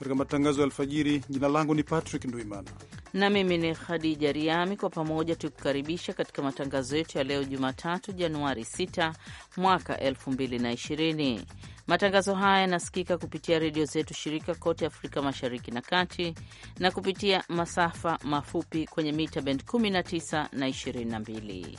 katika matangazo ya alfajiri. Jina langu ni Patrick Ndwimana na mimi ni Khadija Riami. Kwa pamoja tukukaribisha katika matangazo yetu ya leo Jumatatu, Januari 6 mwaka 2020. Matangazo haya yanasikika kupitia redio zetu shirika kote Afrika Mashariki na Kati na kupitia masafa mafupi kwenye mita bend 19 na 22.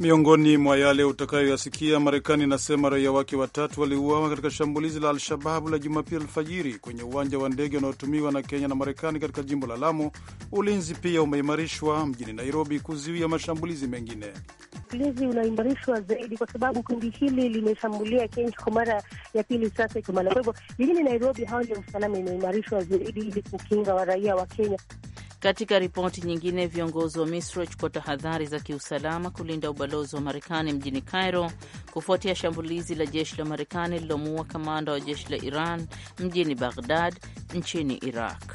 Miongoni mwa yale utakayoyasikia, Marekani inasema raia wake watatu waliuawa katika shambulizi la Al-Shababu la Jumapili alfajiri kwenye uwanja wa ndege unaotumiwa na Kenya na Marekani katika jimbo la Lamu. Ulinzi pia umeimarishwa mjini Nairobi kuzuia mashambulizi mengine. Ulinzi unaimarishwa zaidi kwa sababu kundi hili limeshambulia Kenya kwa mara ya pili sasa ikimaana. Kwa hivyo jijini Nairobi, hali ndio usalama imeimarishwa zaidi ili kukinga waraia wa Kenya. Katika ripoti nyingine, viongozi wa Misri wachukua tahadhari za kiusalama kulinda ubalozi wa Marekani mjini Cairo kufuatia shambulizi la jeshi la Marekani lililomuua kamanda wa jeshi la Iran mjini Baghdad nchini Iraq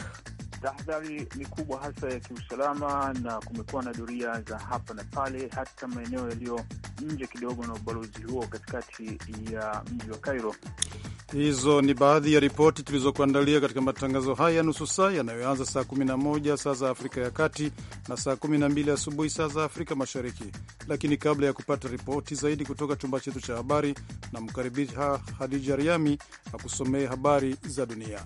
tahadhari ni kubwa hasa ya kiusalama, na kumekuwa na doria za hapa na pale, hata maeneo yaliyo nje kidogo na ubalozi huo katikati ya mji wa Cairo. Hizo ni baadhi ya ripoti tulizokuandalia katika matangazo haya ya nusu saa yanayoanza saa 11 saa za Afrika ya Kati na saa 12 asubuhi saa za Afrika Mashariki. Lakini kabla ya kupata ripoti zaidi kutoka chumba chetu cha habari, namkaribisha Hadija Riami akusomee habari za dunia.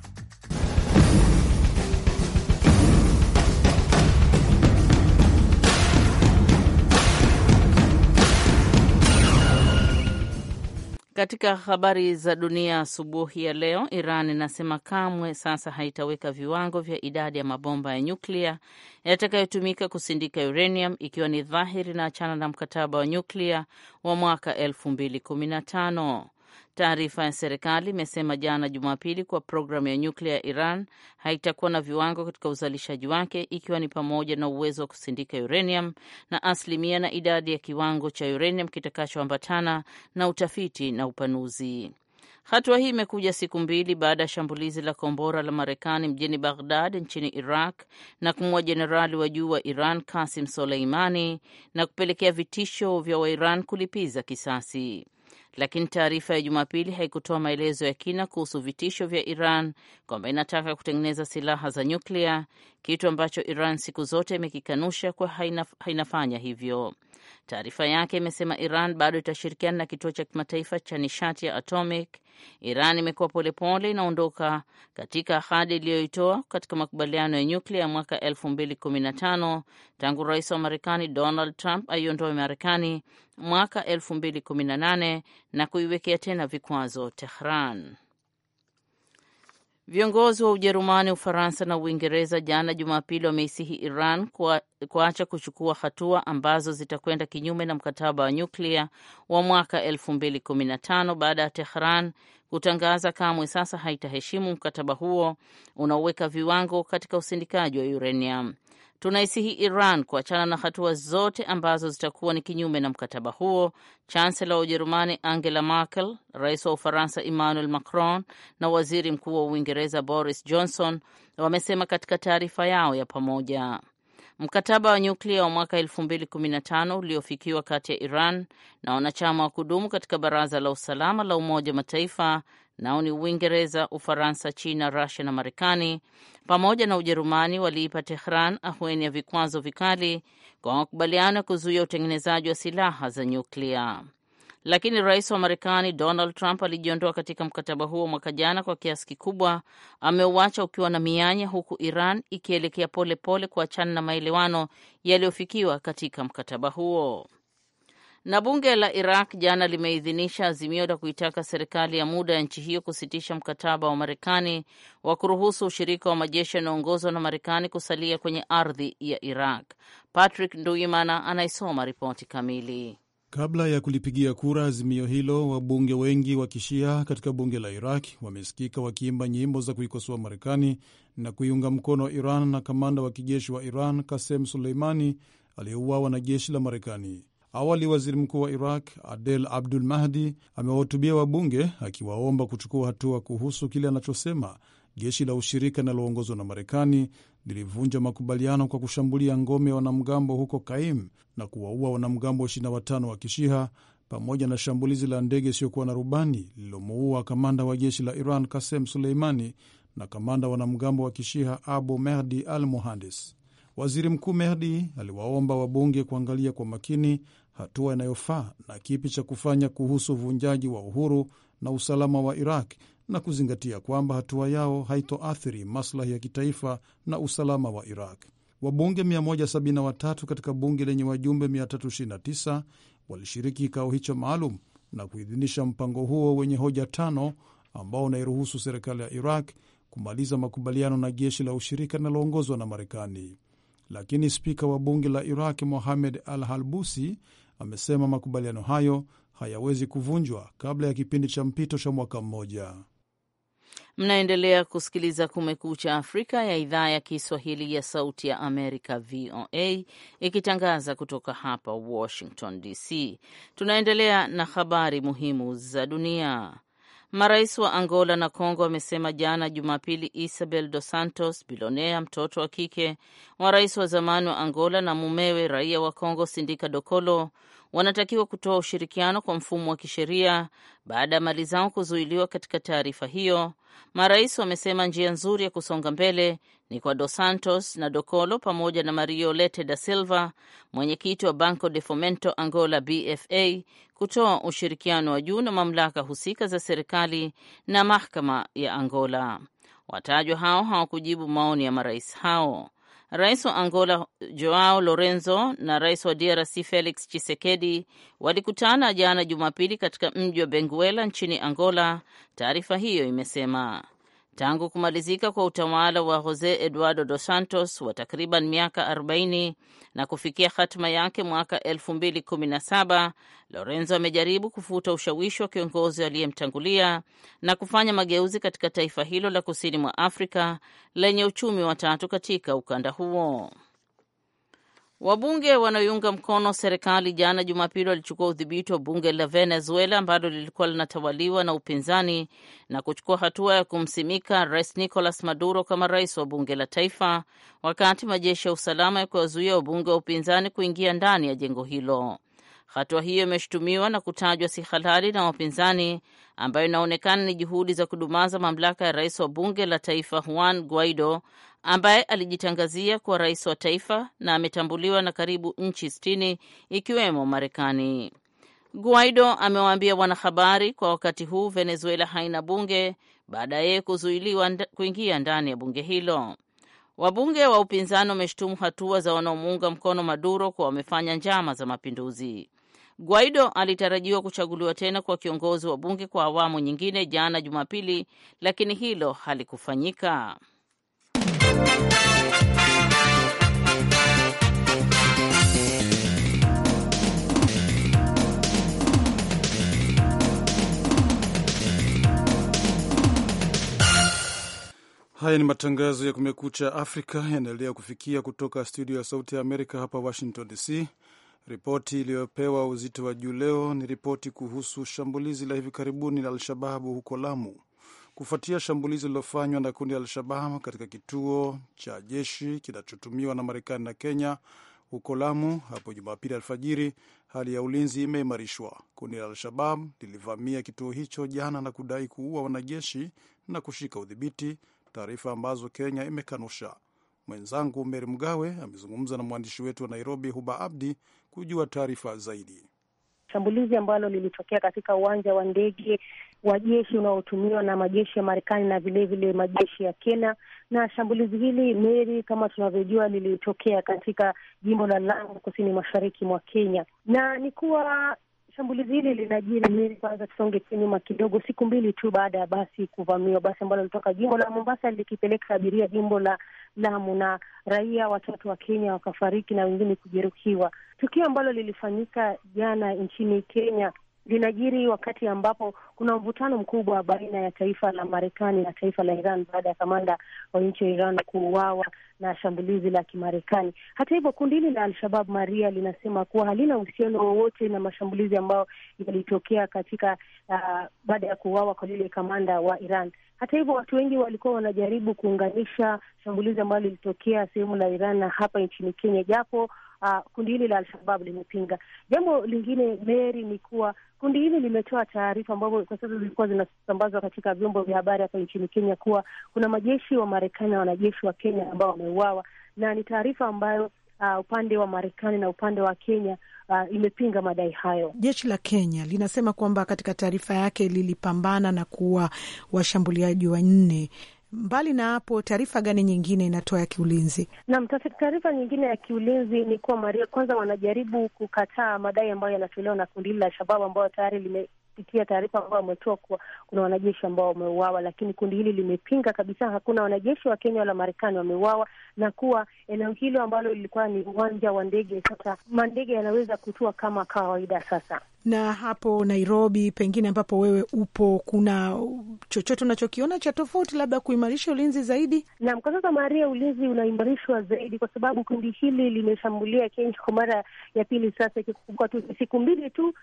Katika habari za dunia asubuhi ya leo, Iran inasema kamwe sasa haitaweka viwango vya idadi ya mabomba ya nyuklia yatakayotumika kusindika uranium, ikiwa ni dhahiri na achana na mkataba wa nyuklia wa mwaka 2015. Taarifa ya serikali imesema jana Jumapili kuwa programu ya nyuklia ya Iran haitakuwa na viwango katika uzalishaji wake, ikiwa ni pamoja na uwezo wa kusindika uranium na asilimia na idadi ya kiwango cha uranium kitakachoambatana na utafiti na upanuzi. Hatua hii imekuja siku mbili baada ya shambulizi la kombora la Marekani mjini Baghdad nchini Iraq na kumua jenerali wa juu wa Iran Kasim Soleimani na kupelekea vitisho vya Wairan kulipiza kisasi lakini taarifa ya Jumapili haikutoa maelezo ya kina kuhusu vitisho vya Iran kwamba inataka kutengeneza silaha za nyuklia, kitu ambacho Iran siku zote imekikanusha kwa haina, hainafanya hivyo. Taarifa yake imesema Iran bado itashirikiana na kituo cha kimataifa cha nishati ya atomic. Iran imekuwa polepole inaondoka katika ahadi iliyoitoa katika makubaliano ya nyuklia ya mwaka 2015 tangu rais wa Marekani Donald Trump aiondoe Marekani mwaka 2018 na kuiwekea tena vikwazo Tehran. Viongozi wa Ujerumani, Ufaransa na Uingereza jana Jumapili wameisihi Iran kuacha kuchukua hatua ambazo zitakwenda kinyume na mkataba wa nyuklia wa mwaka 2015 baada ya Tehran kutangaza kamwe sasa haitaheshimu mkataba huo unaoweka viwango katika usindikaji wa uranium tunaisihi Iran kuachana na hatua zote ambazo zitakuwa ni kinyume na mkataba huo, chansela wa Ujerumani Angela Merkel, rais wa Ufaransa Emmanuel Macron na waziri mkuu wa Uingereza Boris Johnson wamesema katika taarifa yao ya pamoja. Mkataba wa nyuklia wa mwaka 2015 uliofikiwa kati ya Iran na wanachama wa kudumu katika Baraza la Usalama la Umoja wa Mataifa nao ni Uingereza, Ufaransa, China, Rusia na Marekani pamoja na Ujerumani waliipa Tehran ahueni ya vikwazo vikali kwa makubaliano ya kuzuia utengenezaji wa silaha za nyuklia. Lakini rais wa Marekani Donald Trump alijiondoa katika mkataba huo mwaka jana, kwa kiasi kikubwa ameuacha ukiwa na mianya, huku Iran ikielekea polepole kuachana na maelewano yaliyofikiwa katika mkataba huo. Na bunge la Iraq jana limeidhinisha azimio la kuitaka serikali ya muda ya nchi hiyo kusitisha mkataba wa Marekani wa kuruhusu ushirika wa majeshi yanayoongozwa na Marekani kusalia kwenye ardhi ya Iraq. Patrick Nduimana anaisoma ripoti kamili. Kabla ya kulipigia kura azimio hilo, wabunge wengi wa kishia katika bunge la Iraq wamesikika wakiimba nyimbo za kuikosoa Marekani na kuiunga mkono Iran na kamanda wa kijeshi wa Iran Kasem Suleimani aliyeuawa na jeshi la Marekani. Awali waziri mkuu wa Iraq Adel Abdul Mahdi amewahutubia wabunge akiwaomba kuchukua hatua kuhusu kile anachosema jeshi la ushirika linaloongozwa na Marekani lilivunja makubaliano kwa kushambulia ngome ya wanamgambo huko Kaim na kuwaua wanamgambo 25 wa Kishiha pamoja na shambulizi la ndege isiyokuwa na rubani lililomuua kamanda wa jeshi la Iran Kasem Suleimani na kamanda wanamgambo wa Kishiha Abu Mehdi al Muhandis. Waziri Mkuu Mehdi aliwaomba wabunge kuangalia kwa makini hatua inayofaa na kipi cha kufanya kuhusu uvunjaji wa uhuru na usalama wa Iraq na kuzingatia kwamba hatua yao haitoathiri maslahi ya kitaifa na usalama wa Iraq. Wabunge 173 katika bunge lenye wajumbe 329 walishiriki kikao hicho maalum na kuidhinisha mpango huo wenye hoja tano ambao unairuhusu serikali ya Iraq kumaliza makubaliano na jeshi la ushirika linaloongozwa na Marekani. Lakini spika wa bunge la Iraq Mohamed Al Halbusi amesema makubaliano hayo hayawezi kuvunjwa kabla ya kipindi cha mpito cha mwaka mmoja. Mnaendelea kusikiliza Kumekucha Afrika ya idhaa ya Kiswahili ya Sauti ya Amerika, VOA, ikitangaza kutoka hapa Washington DC. Tunaendelea na habari muhimu za dunia. Marais wa Angola na Kongo wamesema jana Jumapili Isabel Dos Santos, bilionea mtoto wa kike wa rais wa zamani wa Angola na mumewe raia wa Kongo Sindika Dokolo wanatakiwa kutoa ushirikiano kwa mfumo wa kisheria baada ya mali zao kuzuiliwa. Katika taarifa hiyo, marais wamesema njia nzuri ya kusonga mbele ni kwa Dos Santos na Dokolo pamoja na Mario Lete da Silva, mwenyekiti wa Banco de Fomento Angola BFA, kutoa ushirikiano wa juu na mamlaka husika za serikali na mahakama ya Angola. Watajwa hao hawakujibu maoni ya marais hao. Rais wa Angola Joao Lorenzo na rais wa DRC Felix chisekedi walikutana jana Jumapili katika mji wa Benguela nchini Angola, taarifa hiyo imesema. Tangu kumalizika kwa utawala wa Jose Eduardo Dos Santos wa takriban miaka 40 na kufikia hatima yake mwaka 2017, Lorenzo amejaribu kufuta ushawishi wa kiongozi aliyemtangulia na kufanya mageuzi katika taifa hilo la kusini mwa Afrika lenye uchumi wa tatu katika ukanda huo. Wabunge wanaoiunga mkono serikali jana Jumapili walichukua udhibiti wa bunge la Venezuela ambalo lilikuwa linatawaliwa na upinzani na kuchukua hatua ya kumsimika Rais Nicolas Maduro kama rais wa bunge la taifa, wakati majeshi ya usalama kuwazuia wabunge wa upinzani kuingia ndani ya jengo hilo. Hatua hiyo imeshutumiwa na kutajwa si halali na wapinzani, ambayo inaonekana ni juhudi za kudumaza mamlaka ya rais wa bunge la taifa Juan Guaido ambaye alijitangazia kuwa rais wa taifa na ametambuliwa na karibu nchi sitini ikiwemo Marekani. Guaido amewaambia wanahabari kwa wakati huu Venezuela haina bunge baada ya yeye kuzuiliwa kuingia ndani ya bunge hilo. Wabunge wa upinzani wameshutumu hatua za wanaomuunga mkono Maduro kuwa wamefanya njama za mapinduzi. Guaido alitarajiwa kuchaguliwa tena kwa kiongozi wa bunge kwa awamu nyingine jana Jumapili, lakini hilo halikufanyika. Haya ni matangazo ya Kumekucha Afrika yanaendelea kufikia kutoka studio ya Sauti ya Amerika hapa Washington DC. Ripoti iliyopewa uzito wa juu leo ni ripoti kuhusu shambulizi la hivi karibuni la al-shababu huko Lamu kufuatia shambulizi lililofanywa na kundi la Al-Shabab katika kituo cha jeshi kinachotumiwa na Marekani na Kenya huko Lamu hapo Jumapili alfajiri. Hali ya ulinzi imeimarishwa. Kundi la Al-Shabab lilivamia kituo hicho jana na kudai kuua wanajeshi na kushika udhibiti, taarifa ambazo Kenya imekanusha. Mwenzangu Meri Mgawe amezungumza na mwandishi wetu wa Nairobi, Huba Abdi, kujua taarifa zaidi shambulizi ambalo lilitokea katika uwanja wa ndege wa jeshi unaotumiwa na majeshi ya Marekani na vilevile majeshi ya Kenya. Na shambulizi hili Meri, kama tunavyojua, lilitokea katika jimbo la Lamu, kusini mashariki mwa Kenya, na ni kuwa shambulizi hili linajiri Meri. Kwanza tusonge nyuma kidogo, siku mbili tu baada ya basi kuvamiwa, basi ambalo lilitoka jimbo la Mombasa likipeleka abiria jimbo la Lamu na raia watatu wa Kenya wakafariki na wengine kujeruhiwa. Tukio ambalo lilifanyika jana nchini Kenya linajiri wakati ambapo kuna mvutano mkubwa baina ya taifa la Marekani na taifa la Iran baada ya kamanda wa nchi ya Iran kuuawa na shambulizi la Kimarekani. Hata hivyo, kundi hili la Al-Shabab Maria linasema kuwa halina uhusiano wowote na mashambulizi ambayo yalitokea katika uh, baada ya kuuawa kwa lile kamanda wa Iran. Hata hivyo, watu wengi walikuwa wanajaribu kuunganisha shambulizi ambalo lilitokea sehemu la Iran na hapa nchini Kenya, japo uh, kundi hili la alshabab limepinga. Jambo lingine Meri, ni kuwa kundi hili limetoa taarifa ambazo kwa sasa zilikuwa zinasambazwa katika vyombo vya habari hapa nchini Kenya kuwa kuna majeshi wa Marekani na wanajeshi wa Kenya ambao wameuawa, na ni taarifa ambayo uh, upande wa Marekani na upande wa Kenya uh, imepinga madai hayo. Jeshi la Kenya linasema kwamba katika taarifa yake lilipambana na kuua washambuliaji wanne. Mbali na hapo, taarifa gani nyingine inatoa ya kiulinzi? Naam, taarifa nyingine ya kiulinzi ni kuwa Maria, kwanza wanajaribu kukataa madai ambayo yanatolewa na kundi hili la Shababu ambayo tayari kupitia taarifa ambayo wametoa kuwa kuna wanajeshi ambao wameuawa, lakini kundi hili limepinga kabisa, hakuna wanajeshi wa Kenya wala Marekani wameuawa, na kuwa eneo hilo ambalo lilikuwa ni uwanja wa ndege, sasa mandege yanaweza kutua kama kawaida sasa na hapo Nairobi pengine ambapo wewe upo, kuna chochote unachokiona cha tofauti, labda kuimarisha ulinzi zaidi? Naam, kwa sasa Maria, ulinzi unaimarishwa zaidi kwa sababu kundi hili limeshambulia Kenya kwa mara ya pili sasa, ikikumbuka tu siku mbili tu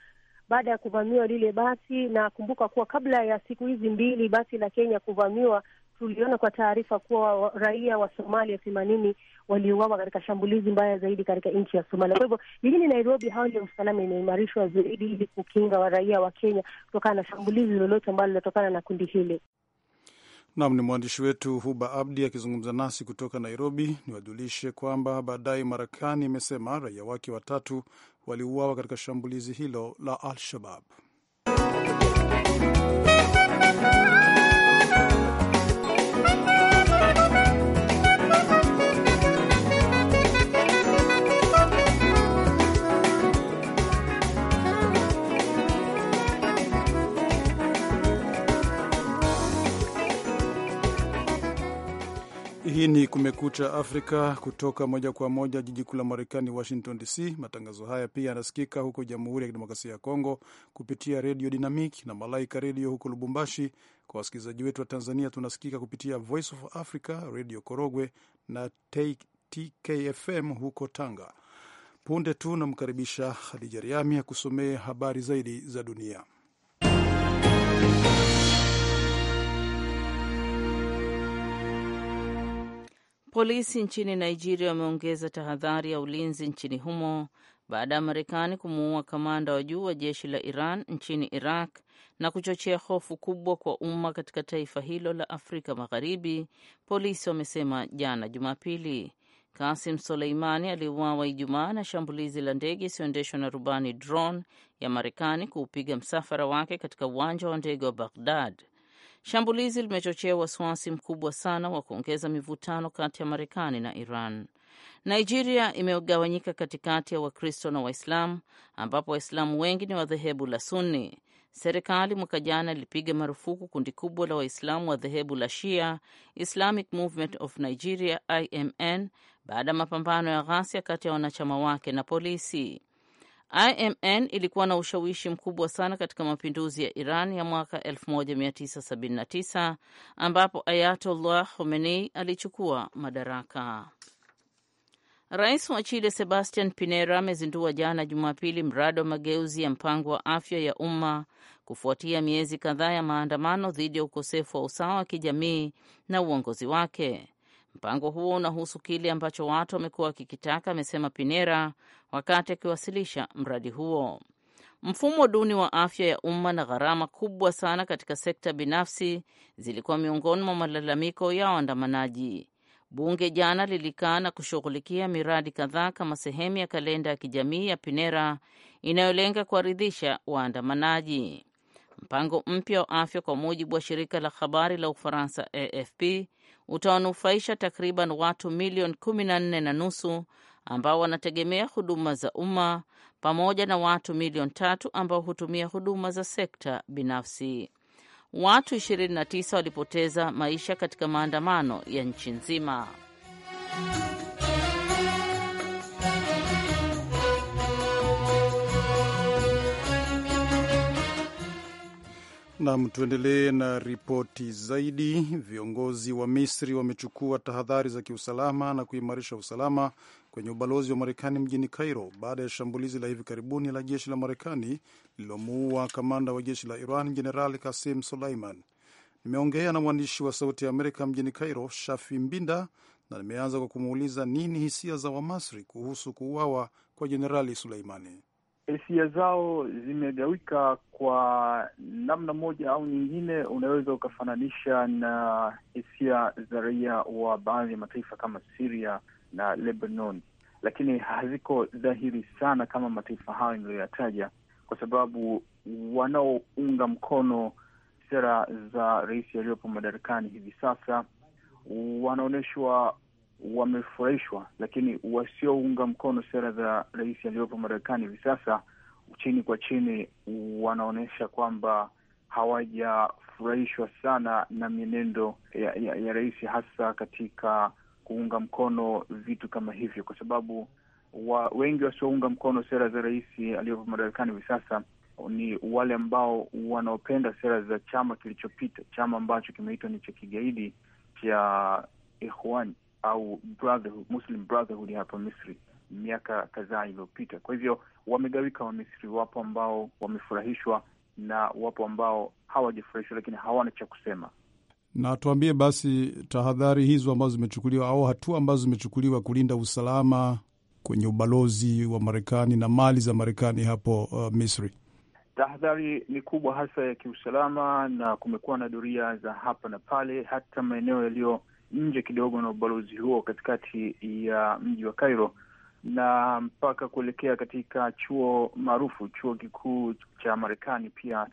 baada ya kuvamiwa lile basi. Na kumbuka kuwa kabla ya siku hizi mbili basi la Kenya kuvamiwa, tuliona kwa taarifa kuwa raia wa Somalia themanini waliuawa katika shambulizi mbaya zaidi katika nchi ya Somalia. Kwa hivyo jijini Nairobi, hali ya usalama imeimarishwa zaidi ili kukinga wa raia wa Kenya kutokana na shambulizi lolote ambalo linatokana na kundi hili. Nam ni mwandishi wetu Huba Abdi akizungumza nasi kutoka Nairobi. Niwajulishe kwamba baadaye Marekani imesema raia wake watatu waliuawa katika shambulizi hilo la Al-Shabab. Hii ni Kumekucha Afrika kutoka moja kwa moja jiji kuu la Marekani, Washington DC. Matangazo haya pia yanasikika huko Jamhuri ya Kidemokrasia ya Kongo kupitia Redio Dynamic na Malaika Redio huko Lubumbashi. Kwa wasikilizaji wetu wa Tanzania, tunasikika kupitia Voice of Africa, Redio Korogwe na TKFM huko Tanga. Punde tu namkaribisha Hadija Riami akusomee habari zaidi za dunia. Polisi nchini Nigeria wameongeza tahadhari ya ulinzi nchini humo baada ya Marekani kumuua kamanda wa juu wa jeshi la Iran nchini Iraq na kuchochea hofu kubwa kwa umma katika taifa hilo la Afrika Magharibi, polisi wamesema jana Jumapili. Kasim Soleimani aliuawa Ijumaa na shambulizi la ndege isiyoendeshwa na rubani drone ya Marekani kuupiga msafara wake katika uwanja wa ndege wa Baghdad. Shambulizi limechochea wasiwasi mkubwa sana wa kuongeza mivutano kati ya Marekani na Iran. Nigeria imegawanyika katikati ya Wakristo na Waislamu, ambapo Waislamu wengi ni wa dhehebu la Sunni. Serikali mwaka jana ilipiga marufuku kundi kubwa la Waislamu wa dhehebu la Shia, Islamic Movement of Nigeria, IMN, baada ya mapambano ya ghasia kati ya wanachama wake na polisi. IMN ilikuwa na ushawishi mkubwa sana katika mapinduzi ya Iran ya mwaka 1979 ambapo Ayatollah Khomeini alichukua madaraka. Rais wa Chile Sebastian Pinera amezindua jana Jumapili mradi wa mageuzi ya mpango wa afya ya umma kufuatia miezi kadhaa ya maandamano dhidi ya ukosefu wa usawa wa kijamii na uongozi wake. Mpango huo unahusu kile ambacho watu wamekuwa wakikitaka, amesema Pinera wakati akiwasilisha mradi huo. Mfumo duni wa afya ya umma na gharama kubwa sana katika sekta binafsi zilikuwa miongoni mwa malalamiko ya waandamanaji. Bunge jana lilikaa na kushughulikia miradi kadhaa kama sehemu ya kalenda ya kijamii ya Pinera inayolenga kuwaridhisha waandamanaji. Mpango mpya wa afya, kwa mujibu wa shirika la habari la Ufaransa AFP, utawanufaisha takriban watu milioni kumi na nne na nusu ambao wanategemea huduma za umma pamoja na watu milioni tatu ambao hutumia huduma za sekta binafsi. Watu 29 walipoteza maisha katika maandamano ya nchi nzima. Nam, tuendelee na ripoti zaidi. Viongozi wa Misri wamechukua tahadhari za kiusalama na kuimarisha usalama kwenye ubalozi wa Marekani mjini Cairo baada ya shambulizi la hivi karibuni la jeshi la Marekani lililomuua kamanda wa jeshi la Iran Jeneral Kasim Suleiman. Nimeongea na mwandishi wa Sauti ya Amerika mjini Cairo, Shafi Mbinda, na nimeanza kwa kumuuliza nini hisia za Wamasri kuhusu kuuawa kwa Jenerali Suleimani hisia zao zimegawika kwa namna moja au nyingine. Unaweza ukafananisha na hisia za raia wa baadhi ya mataifa kama siria na Lebanon, lakini haziko dhahiri sana kama mataifa hayo niliyoyataja, kwa sababu wanaounga mkono sera za rais aliyopo madarakani hivi sasa wanaonyeshwa wamefurahishwa, lakini wasiounga mkono sera za rais aliyopo Marekani hivi sasa, chini kwa chini, wanaonyesha kwamba hawajafurahishwa sana na mienendo ya, ya, ya rais, hasa katika kuunga mkono vitu kama hivyo, kwa sababu wa, wengi wasiounga mkono sera za rais aliyopo madarakani hivi sasa ni wale ambao wanaopenda sera za chama kilichopita, chama ambacho kimeitwa ni cha kigaidi cha Ikhwani au Brotherhood, Muslim Brotherhood hapa Misri miaka kadhaa iliyopita. Kwa hivyo wamegawika Wamisri, wapo ambao wamefurahishwa na wapo ambao hawajafurahishwa, lakini hawana cha kusema. Na tuambie basi, tahadhari hizo ambazo zimechukuliwa au hatua ambazo zimechukuliwa kulinda usalama kwenye ubalozi wa Marekani na mali za Marekani hapo uh, Misri. Tahadhari ni kubwa hasa ya kiusalama, na kumekuwa na doria za hapa na pale, hata maeneo yaliyo nje kidogo na ubalozi huo katikati ya mji wa Cairo na mpaka kuelekea katika chuo maarufu chuo kikuu cha Marekani. Pia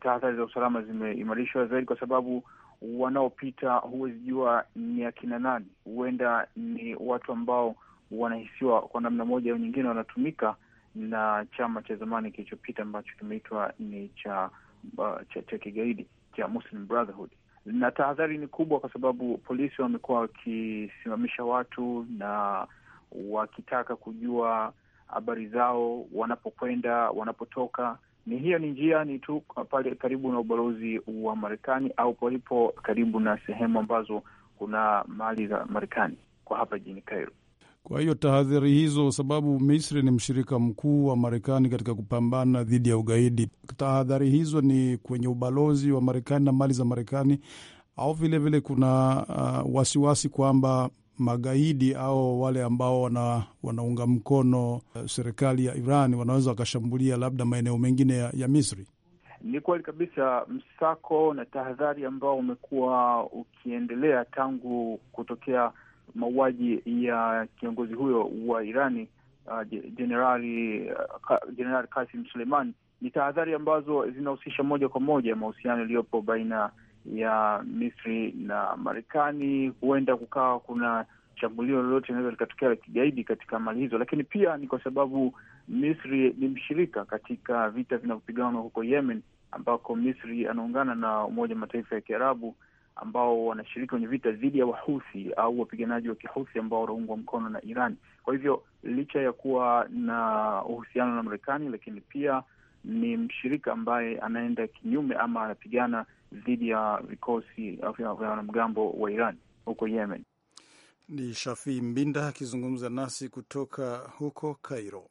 tahadhari za usalama zimeimarishwa zaidi, kwa sababu wanaopita huwezi jua ni akina nani. Huenda ni watu ambao wanahisiwa kwa namna moja au nyingine wanatumika na chama cha zamani kilichopita ambacho kimeitwa ni cha, uh, cha cha kigaidi cha Muslim Brotherhood na tahadhari ni kubwa, kwa sababu polisi wamekuwa wakisimamisha watu na wakitaka kujua habari zao, wanapokwenda, wanapotoka. Ni hiyo ni njia ni tu pale karibu na ubalozi wa Marekani au palipo karibu na sehemu ambazo kuna mali za Marekani kwa hapa jijini Cairo. Kwa hiyo tahadhari hizo, sababu Misri ni mshirika mkuu wa Marekani katika kupambana dhidi ya ugaidi, tahadhari hizo ni kwenye ubalozi wa Marekani na mali za Marekani, au vilevile vile kuna uh, wasiwasi kwamba magaidi au wale ambao wana, wanaunga mkono uh, serikali ya Iran wanaweza wakashambulia labda maeneo mengine ya, ya Misri. Ni kweli kabisa. Msako na tahadhari ambao umekuwa ukiendelea tangu kutokea mauaji ya kiongozi huyo wa Irani jenerali uh, uh Kasim Suleimani ni tahadhari ambazo zinahusisha moja kwa moja mahusiano yaliyopo baina ya Misri na Marekani. Huenda kukawa kuna shambulio lolote linaweza likatokea la kigaidi katika mali hizo, lakini pia ni kwa sababu Misri ni mshirika katika vita vinavyopiganwa huko Yemen, ambako Misri anaungana na Umoja Mataifa ya Kiarabu ambao wanashiriki kwenye vita dhidi ya Wahusi au wapiganaji wa Kihusi ambao wanaungwa mkono na Iran. Kwa hivyo licha ya kuwa na uhusiano na Marekani, lakini pia ni mshirika ambaye anaenda kinyume ama anapigana dhidi ya vikosi vya wanamgambo wa Iran huko Yemen. Ni Shafii Mbinda akizungumza nasi kutoka huko Cairo.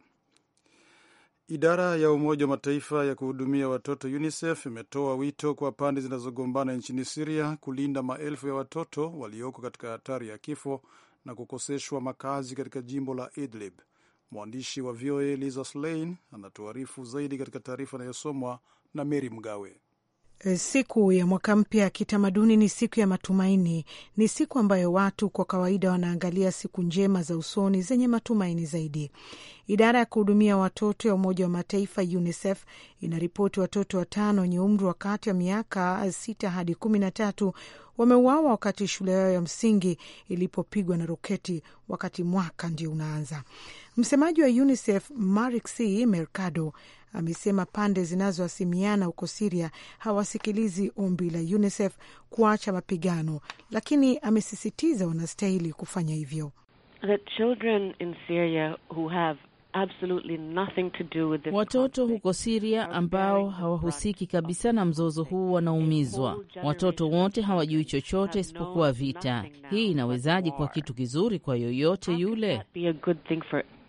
Idara ya Umoja wa Mataifa ya kuhudumia watoto UNICEF imetoa wito kwa pande zinazogombana nchini Siria kulinda maelfu ya watoto walioko katika hatari ya kifo na kukoseshwa makazi katika jimbo la Idlib. Mwandishi wa VOA Lisa Schlein anatuarifu zaidi katika taarifa inayosomwa na Meri Mgawe. Eh, siku ya mwaka mpya kitamaduni ni siku ya matumaini. Ni siku ambayo watu kwa kawaida wanaangalia siku njema za usoni zenye matumaini zaidi. Idara ya kuhudumia watoto ya Umoja wa Mataifa, UNICEF, inaripoti watoto watano wenye umri wa kati ya miaka sita hadi kumi na tatu wameuawa wakati shule yao ya msingi ilipopigwa na roketi, wakati mwaka ndio unaanza. Msemaji wa UNICEF Marixie Mercado amesema pande zinazohasimiana huko Siria hawasikilizi ombi la UNICEF kuacha mapigano, lakini amesisitiza wanastahili kufanya hivyo. Watoto huko Siria ambao hawahusiki kabisa na mzozo huu wanaumizwa. Watoto wote hawajui chochote isipokuwa vita. Hii inawezaje kwa kitu kizuri kwa yoyote yule?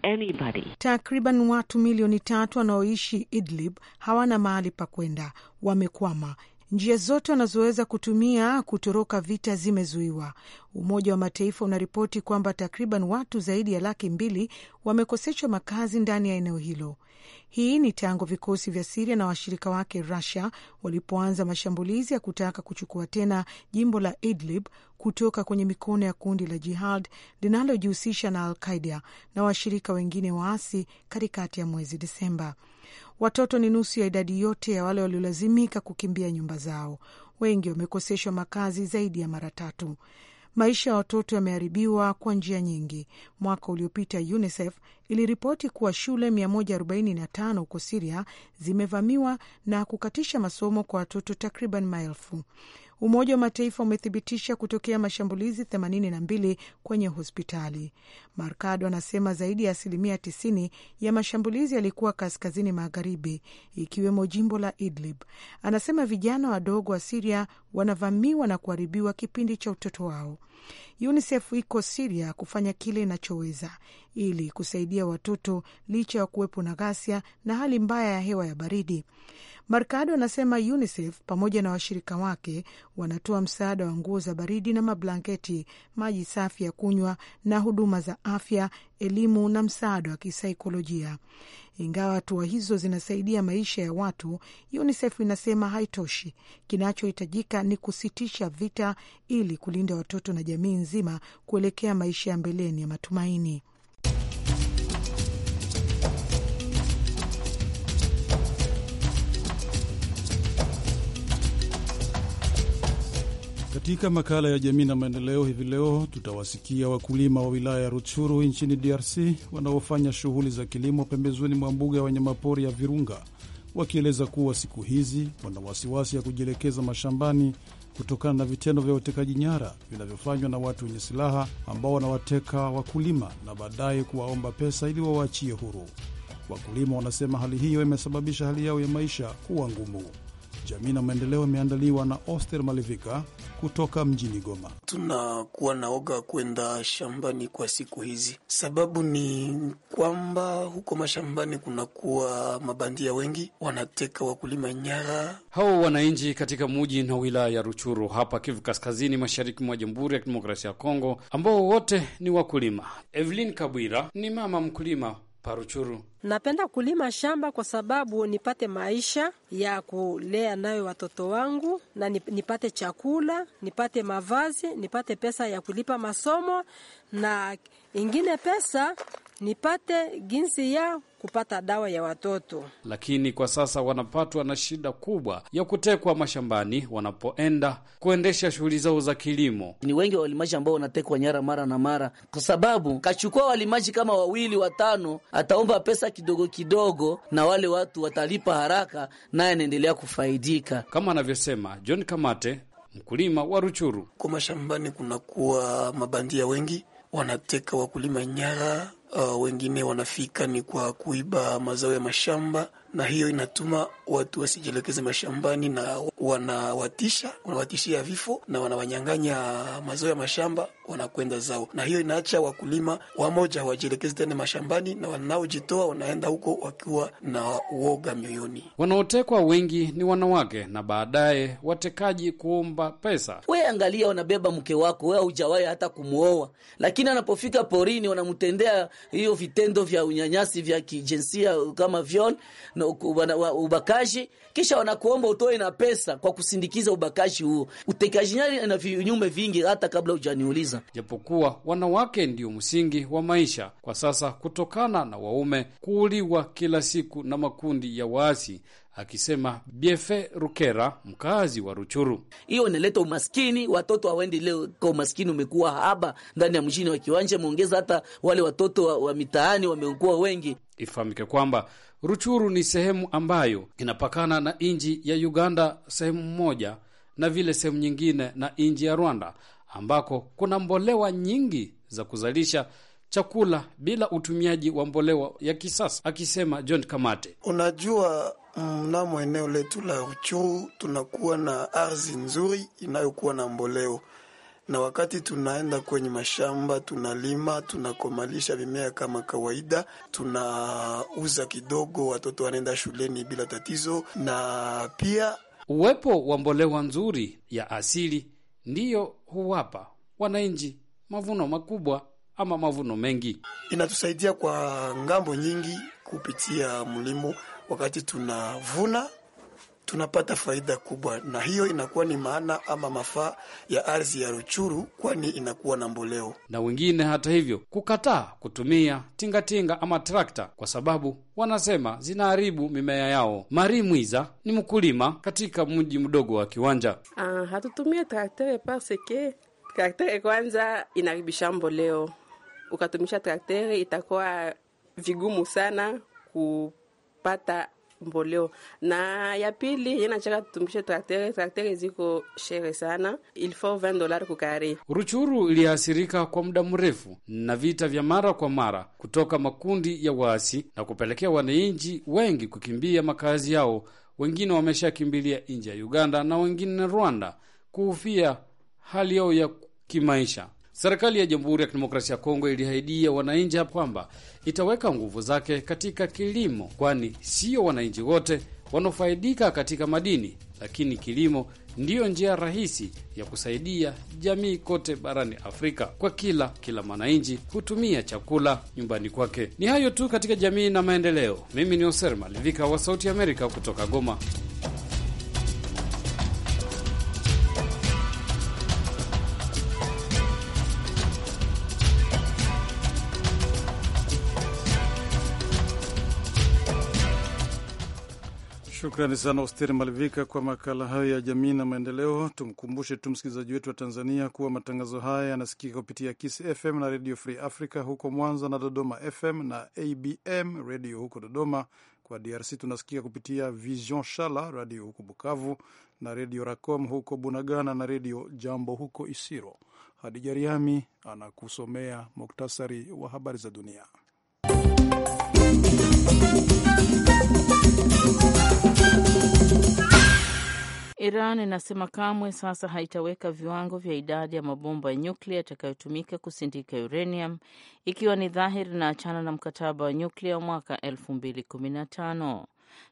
anybody. Takriban watu milioni tatu wanaoishi Idlib hawana mahali pa kwenda, wamekwama. Njia zote wanazoweza kutumia kutoroka vita zimezuiwa. Umoja wa Mataifa unaripoti kwamba takriban watu zaidi ya laki mbili wamekoseshwa makazi ndani ya eneo hilo. Hii ni tangu vikosi vya Siria na washirika wake Rusia walipoanza mashambulizi ya kutaka kuchukua tena jimbo la Idlib kutoka kwenye mikono ya kundi la Jihad linalojihusisha na Alqaida na washirika wengine waasi katikati ya mwezi Desemba. Watoto ni nusu ya idadi yote ya wale waliolazimika kukimbia nyumba zao. Wengi wamekoseshwa makazi zaidi ya mara tatu. Maisha ya watoto yameharibiwa kwa njia nyingi. Mwaka uliopita UNICEF iliripoti kuwa shule 145 huko Siria zimevamiwa na kukatisha masomo kwa watoto takriban maelfu. Umoja wa Mataifa umethibitisha kutokea mashambulizi 82 kwenye hospitali. Markado anasema zaidi ya asilimia 90 ya mashambulizi yalikuwa kaskazini magharibi, ikiwemo jimbo la Idlib. Anasema vijana wadogo wa Siria wanavamiwa na kuharibiwa kipindi cha utoto wao. UNICEF iko Siria kufanya kile inachoweza ili kusaidia watoto licha ya kuwepo na ghasia na hali mbaya ya hewa ya baridi. Markado anasema UNICEF pamoja na washirika wake wanatoa msaada wa nguo za baridi na mablanketi, maji safi ya kunywa, na huduma za afya, elimu na msaada wa kisaikolojia. Ingawa hatua hizo zinasaidia maisha ya watu, UNICEF inasema haitoshi. Kinachohitajika ni kusitisha vita ili kulinda watoto na jamii nzima kuelekea maisha ya mbeleni ya matumaini. Katika makala ya jamii na maendeleo hivi leo tutawasikia wakulima wa wilaya ya ruchuru nchini DRC wanaofanya shughuli za kilimo pembezoni mwa mbuga ya wanyamapori ya Virunga wakieleza kuwa siku hizi wana wasiwasi ya kujielekeza mashambani kutokana na vitendo vya utekaji nyara vinavyofanywa na watu wenye silaha ambao wanawateka wakulima na baadaye kuwaomba pesa ili wawaachie huru. Wakulima wanasema hali hiyo imesababisha hali yao ya maisha kuwa ngumu. Jamii na maendeleo imeandaliwa na Oster Malivika kutoka mjini Goma. Tunakuwa na oga kwenda shambani kwa siku hizi, sababu ni kwamba huko mashambani kunakuwa mabandia wengi wanateka wakulima nyara. Hao wananchi katika muji na wilaya ya Ruchuru hapa Kivu Kaskazini, mashariki mwa Jamhuri ya Kidemokrasia ya Kongo, ambao wote ni wakulima. Evelyn Kabwira ni mama mkulima Paruchuru. Napenda kulima shamba kwa sababu nipate maisha ya kulea nayo watoto wangu na nipate chakula, nipate mavazi, nipate pesa ya kulipa masomo na ingine pesa nipate jinsi ya kupata dawa ya watoto. Lakini kwa sasa wanapatwa na shida kubwa ya kutekwa mashambani wanapoenda kuendesha shughuli zao za kilimo. Ni wengi wa walimaji ambao wanatekwa nyara mara na mara, kwa sababu kachukua walimaji kama wawili watano, ataomba pesa kidogo kidogo, na wale watu watalipa haraka, naye anaendelea kufaidika, kama anavyosema John Kamate, mkulima wa Ruchuru. Kwa mashambani kunakuwa mabandia wengi wanateka wakulima nyara, uh, wengine wanafika ni kwa kuiba mazao ya mashamba na hiyo inatuma watu wasijielekeze mashambani na wanawatisha, wanawatishia vifo na wanawanyang'anya mazao ya mashamba, wanakwenda zao, na hiyo inaacha wakulima wamoja hawajielekeze tena mashambani, na wanaojitoa wanaenda huko wakiwa na uoga mioyoni. Wanaotekwa wengi ni wanawake, na baadaye watekaji kuomba pesa. We angalia, wanabeba mke wako, we haujawahi hata kumwoa, lakini anapofika porini wanamtendea hiyo vitendo vya unyanyasi vya kijinsia kama viol ubakaji, kisha wanakuomba utoe na pesa kwa kusindikiza ubakaji huo. Utekaji nyari na vinyume vingi, hata kabla hujaniuliza. Japokuwa wanawake ndio msingi wa maisha kwa sasa, kutokana na waume kuuliwa kila siku na makundi ya waasi akisema Biefe Rukera, mkazi wa Ruchuru. Hiyo inaleta umaskini, watoto hawaendi leo kwa umaskini umekuwa haba ndani ya mjini wa Kiwanja, ameongeza hata wale watoto wa, wa mitaani wamekuwa wengi. Ifahamike kwamba Ruchuru ni sehemu ambayo inapakana na nchi ya Uganda sehemu moja na vile sehemu nyingine na nchi ya Rwanda, ambako kuna mbolewa nyingi za kuzalisha chakula bila utumiaji wa mbolewa ya kisasa, akisema John Kamate. Unajua, mnamo eneo letu la Ruchuru tunakuwa na ardhi nzuri inayokuwa na mboleo na wakati tunaenda kwenye mashamba tunalima, tunakomalisha mimea kama kawaida, tunauza kidogo, watoto wanaenda shuleni bila tatizo. Na pia uwepo wa mbolewa nzuri ya asili ndiyo huwapa wananchi mavuno makubwa ama mavuno mengi. Inatusaidia kwa ngambo nyingi kupitia mlimo, wakati tunavuna tunapata faida kubwa, na hiyo inakuwa ni maana ama mafaa ya ardhi ya Ruchuru, kwani inakuwa na mboleo. Na wengine hata hivyo kukataa kutumia tingatinga tinga ama trakta kwa sababu wanasema zinaharibu mimea yao. Mari Mwiza ni mkulima katika mji mdogo wa Kiwanja. Uh, hatutumie traktere paseke traktere kwanza inaribisha mboleo. Ukatumisha traktere itakuwa vigumu sana kupata mboleo. Na ya pili chaka tutumishe traktere, traktere ziko shere sana, ilifo 20 dolari kukare. Ruchuru iliathirika kwa muda mrefu na vita vya mara kwa mara kutoka makundi ya waasi na kupelekea wananchi wengi kukimbia makazi yao, wengine wameshakimbilia nje ya Uganda na wengine Rwanda kuhufia hali yao ya kimaisha. Serikali ya Jamhuri ya Kidemokrasia ya Kongo iliahidia wananchi kwamba itaweka nguvu zake katika kilimo, kwani sio wananchi wote wanaofaidika katika madini, lakini kilimo ndiyo njia rahisi ya kusaidia jamii kote barani Afrika, kwa kila kila mwananchi hutumia chakula nyumbani kwake. Ni hayo tu katika jamii na maendeleo. Mimi ni Oser Malivika wa Sauti Amerika kutoka Goma. Shukrani sana oster Malivika kwa makala hayo ya jamii na maendeleo. Tumkumbushe tu msikilizaji wetu wa Tanzania kuwa matangazo haya yanasikika kupitia Kiss FM na Redio Free Africa huko Mwanza na Dodoma FM na ABM Redio huko Dodoma. Kwa DRC tunasikika kupitia Vision Shala Radio huko Bukavu na Redio Racom huko Bunagana na Redio Jambo huko Isiro. Hadija Riami anakusomea muktasari wa habari za dunia. Iran inasema kamwe sasa haitaweka viwango vya idadi ya mabomba ya nyuklia yatakayotumika kusindika uranium, ikiwa ni dhahiri na achana na mkataba wa nyuklia wa mwaka 2015.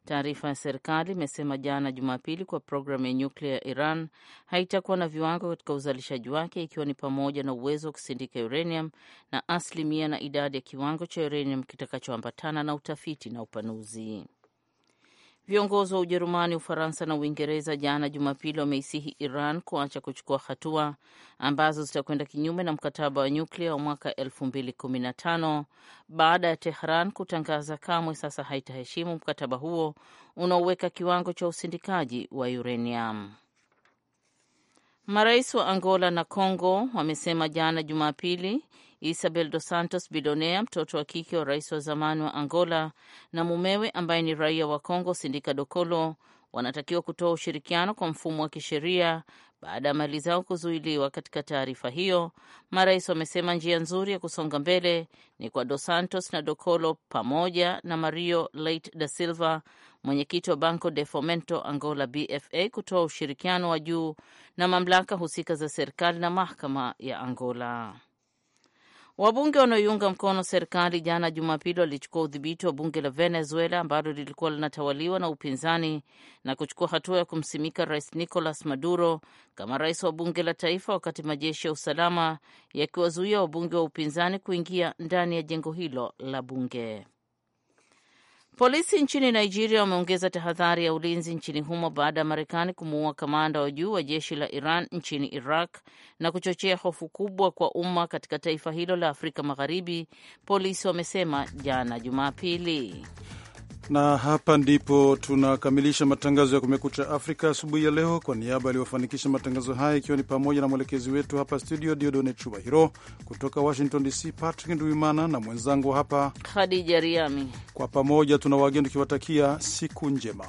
Taarifa ya serikali imesema jana Jumapili kwa programu ya nyuklia ya Iran haitakuwa na viwango katika uzalishaji wake, ikiwa ni pamoja na uwezo wa kusindika uranium na asilimia na idadi ya kiwango cha uranium kitakachoambatana na utafiti na upanuzi. Viongozi wa Ujerumani, Ufaransa na Uingereza jana Jumapili wameisihi Iran kuacha kuchukua hatua ambazo zitakwenda kinyume na mkataba wa nyuklia wa mwaka 2015 baada ya Tehran kutangaza kamwe sasa haitaheshimu mkataba huo unaoweka kiwango cha usindikaji wa uranium. Marais wa Angola na Congo wamesema jana Jumapili Isabel Dos Santos Bidonea, mtoto wa kike wa rais wa zamani wa Angola, na mumewe ambaye ni raia wa Kongo, Sindika Dokolo, wanatakiwa kutoa ushirikiano kwa mfumo wa kisheria baada ya mali zao kuzuiliwa. Katika taarifa hiyo, marais wamesema njia nzuri ya kusonga mbele ni kwa Dos Santos na Dokolo pamoja na Mario Leit da Silva, mwenyekiti wa Banco de Fomento Angola BFA, kutoa ushirikiano wa juu na mamlaka husika za serikali na mahakama ya Angola. Wabunge wanaoiunga mkono serikali jana Jumapili walichukua udhibiti wa bunge la Venezuela ambalo lilikuwa linatawaliwa na upinzani na kuchukua hatua ya kumsimika Rais Nicolas Maduro kama rais wa bunge la taifa, wakati majeshi ya usalama yakiwazuia wabunge wa upinzani kuingia ndani ya jengo hilo la bunge. Polisi nchini Nigeria wameongeza tahadhari ya ulinzi nchini humo baada ya Marekani kumuua kamanda wa juu wa jeshi la Iran nchini Iraq na kuchochea hofu kubwa kwa umma katika taifa hilo la Afrika Magharibi, polisi wamesema jana Jumapili na hapa ndipo tunakamilisha matangazo ya Kumekucha Afrika asubuhi ya leo. Kwa niaba yaliyofanikisha matangazo haya, ikiwa ni pamoja na mwelekezi wetu hapa studio Diodone Chubahiro, kutoka Washington DC Patrick Nduimana na mwenzangu hapa Hadija Riami, kwa pamoja tuna wageni tukiwatakia siku njema.